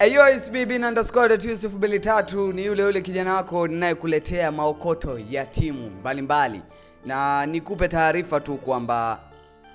Yusuf23 ni yule yule kijana wako ninayekuletea maokoto ya timu mbalimbali mbali. Na nikupe taarifa tu kwamba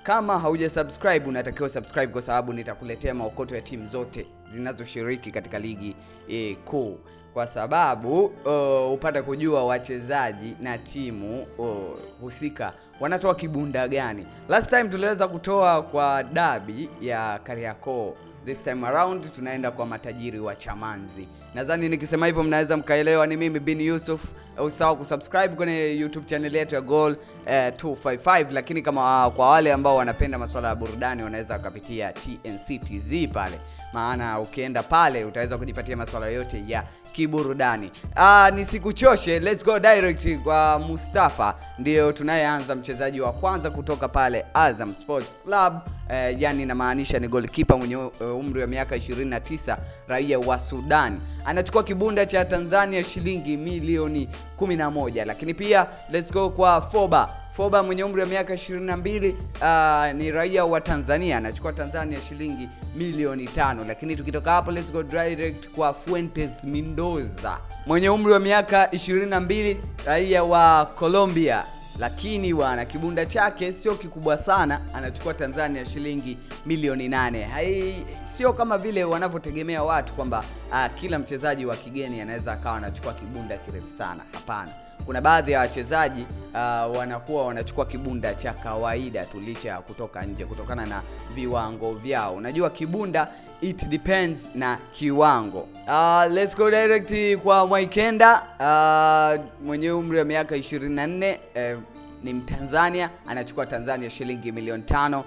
kama hauja subscribe unatakiwa subscribe kwa sababu nitakuletea maokoto ya timu zote zinazoshiriki katika ligi e, kuu kwa sababu uh, upata kujua wachezaji na timu uh, husika wanatoa kibunda gani. Last time tuliweza kutoa kwa dabi ya Kariakoo this time around tunaenda kwa matajiri wa Chamanzi. Nadhani nikisema hivyo mnaweza mkaelewa ni mimi bin Yusuf. Usahau kusubscribe kwenye YouTube channel yetu ya Goal eh, 255, lakini kama ah, kwa wale ambao wanapenda masuala ya burudani wanaweza wakapitia TNC TZ pale, maana ukienda pale utaweza kujipatia masuala yote ya kiburudani. Ah, nisikuchoshe, let's go direct kwa Mustafa, ndio tunayeanza mchezaji wa kwanza kutoka pale Azam Sports Club eh, yani inamaanisha ni goalkeeper mwenye eh, umri wa miaka 29 raia wa Sudan. Anachukua kibunda cha Tanzania shilingi milioni 11. Lakini pia let's go kwa Foba Foba mwenye umri wa miaka 22, uh, ah, ni raia wa Tanzania anachukua Tanzania shilingi milioni tano. Lakini tukitoka hapo let's go direct kwa Fuentes Mendoza mwenye umri wa miaka 22, raia wa Colombia lakini bwana kibunda chake sio kikubwa sana, anachukua Tanzania shilingi milioni nane. Hai sio kama vile wanavyotegemea watu kwamba ah, kila mchezaji wa kigeni anaweza akawa anachukua kibunda kirefu sana. Hapana, kuna baadhi ya wachezaji uh, wanakuwa wanachukua kibunda cha kawaida tu licha ya kutoka nje kutokana na viwango vyao. Unajua kibunda it depends na kiwango. Uh, let's go direct kwa Mwaikenda uh, mwenye umri wa miaka 24 eh, ni Mtanzania anachukua Tanzania shilingi milioni tano.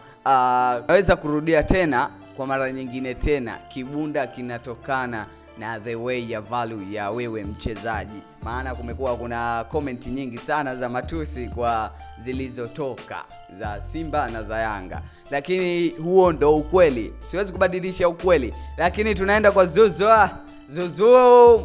Naweza uh, kurudia tena kwa mara nyingine tena, kibunda kinatokana na the way ya value ya wewe mchezaji, maana kumekuwa kuna comment nyingi sana za matusi kwa zilizotoka za Simba na za Yanga, lakini huo ndo ukweli, siwezi kubadilisha ukweli, lakini tunaenda kwa Zuzu. Ah. Zuzu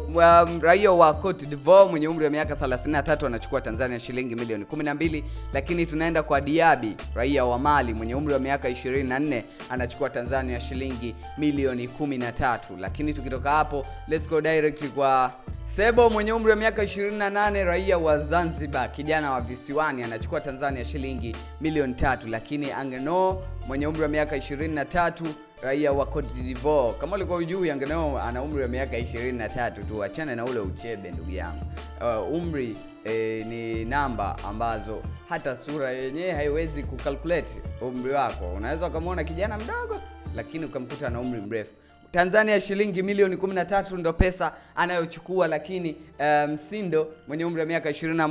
um, raia wa Cote d'Ivoire mwenye umri wa miaka 33 anachukua Tanzania shilingi milioni 12, lakini tunaenda kwa Diaby raia wa Mali mwenye umri wa miaka 24 anachukua Tanzania shilingi milioni 13. Lakini tukitoka hapo, let's go direct kwa Sebo mwenye umri wa miaka 28 raia wa Zanzibar, kijana wa visiwani anachukua Tanzania shilingi milioni tatu, lakini Angeno mwenye umri wa miaka 23 raia wa Cote d'Ivoire. Kama ulikuwa ujui, Yangeneo ana umri wa miaka 23 tu, achana na ule uchebe ndugu yangu. Uh, umri eh, ni namba ambazo hata sura yenyewe haiwezi kucalculate umri wako. Unaweza ukamwona kijana mdogo, lakini ukamkuta ana umri mrefu. Tanzania shilingi milioni 13 ndo pesa anayochukua, lakini eh, Msindo um, mwenye umri wa miaka 21 uh,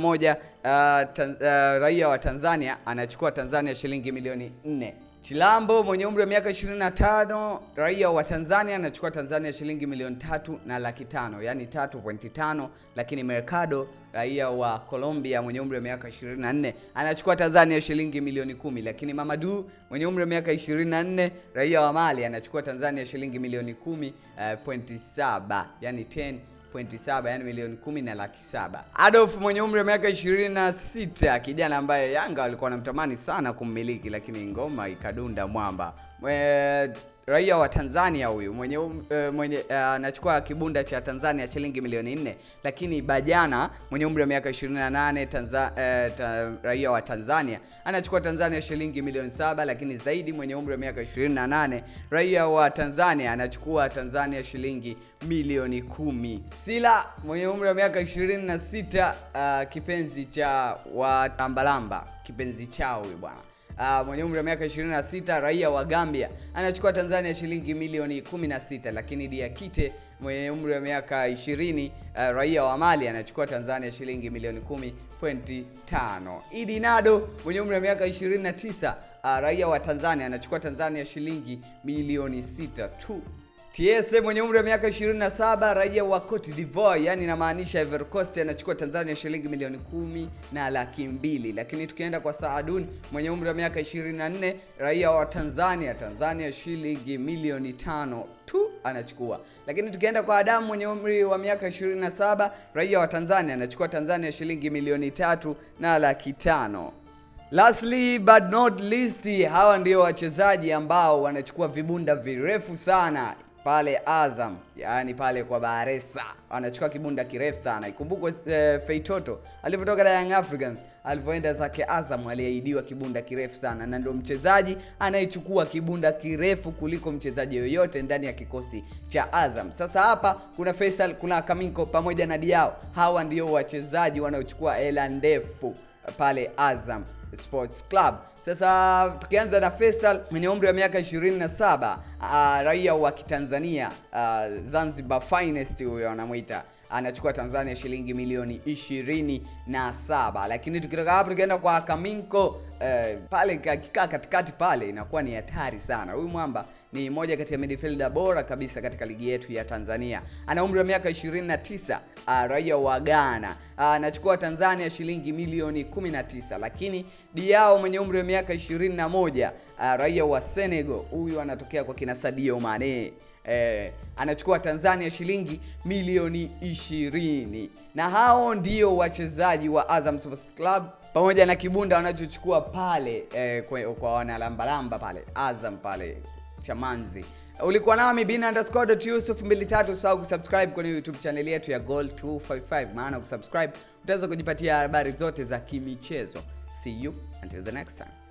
uh, raia wa Tanzania anachukua Tanzania shilingi milioni 4. Chilambo mwenye umri wa miaka 25 raia wa Tanzania anachukua Tanzania shilingi milioni tatu na laki tano yani 3.5, lakini Mercado raia wa Colombia mwenye umri wa miaka 24 anachukua Tanzania shilingi milioni kumi, lakini Mamadu mwenye umri wa miaka 24 raia wa Mali anachukua Tanzania shilingi milioni 10.7 uh, eh, yani 10 7 yani milioni kumi na laki saba. Adolf mwenye umri wa miaka 26, kijana ambaye Yanga walikuwa wanamtamani sana kummiliki, lakini ngoma ikadunda mwamba Mwe raia wa Tanzania huyu mwenye um, eh, mwenye eh, anachukua uh, kibunda cha Tanzania shilingi milioni nne, lakini Bajana mwenye umri wa miaka 28 uh, eh, ta, raia wa Tanzania anachukua Tanzania shilingi milioni saba, lakini Zaidi mwenye umri wa miaka 28 raia wa Tanzania anachukua Tanzania shilingi milioni kumi. Sila mwenye umri wa miaka 26 uh, ah, kipenzi cha watambalamba kipenzi chao huyu bwana uh, mwenye umri wa miaka 26 raia wa Gambia anachukua Tanzania shilingi milioni 16, lakini Diakite mwenye umri wa miaka 20 uh, ah, raia wa Mali anachukua Tanzania shilingi milioni 10.5. Idi Nado mwenye umri wa miaka 29 uh, ah, raia wa Tanzania anachukua Tanzania shilingi milioni 6 tu. TSA mwenye umri wa miaka 27 raia wa Cote d'Ivoire, yani inamaanisha Ivory Coast, anachukua Tanzania shilingi milioni kumi na laki mbili. Lakini tukienda kwa Saadun mwenye umri wa miaka 24 raia wa Tanzania, Tanzania shilingi milioni tano tu anachukua. Lakini tukienda kwa Adamu mwenye umri wa miaka 27 raia wa Tanzania, anachukua Tanzania shilingi milioni tatu na laki tano. Lastly but not least, hawa ndio wachezaji ambao wanachukua vibunda virefu sana pale Azam, yani pale kwa Baresa anachukua kibunda kirefu sana. Ikumbukwe eh, Feitoto alivyotoka Young Africans alivyoenda zake Azam aliahidiwa kibunda kirefu sana, na ndio mchezaji anayechukua kibunda kirefu kuliko mchezaji yoyote ndani ya kikosi cha Azam. Sasa hapa kuna Faisal, kuna Kaminko pamoja na Diao, hawa ndio wachezaji wanaochukua hela ndefu pale Azam Sports Club. Sasa tukianza na Faisal mwenye umri wa miaka 27, raia wa Kitanzania uh, Zanzibar finest huyo anamuita anachukua Tanzania shilingi milioni 27, lakini tukitoka hapo tukienda kwa Kaminko eh, pale akikaa katikati pale inakuwa ni hatari sana huyu mwamba ni moja kati ya midfielder bora kabisa katika ligi yetu ya Tanzania. Ana umri wa miaka 29, ah, raia wa Ghana. Ah, anachukua Tanzania shilingi milioni 19, lakini Diao mwenye umri wa miaka 21, ah, raia wa Senegal, huyu anatokea kwa kina Sadio Mane. Eh, anachukua Tanzania shilingi milioni 20, na hao ndio wachezaji wa Azam Sports Club pamoja na kibunda wanachochukua pale eh, kwa wanalambalamba pale Azam pale Chamanzi. Ulikuwa nami bin underscore Yusuf 23. Usahau kusubscribe kwenye YouTube channel yetu ya gol 255, maana kusubscribe utaweza kujipatia habari zote za kimichezo. See you until the next time.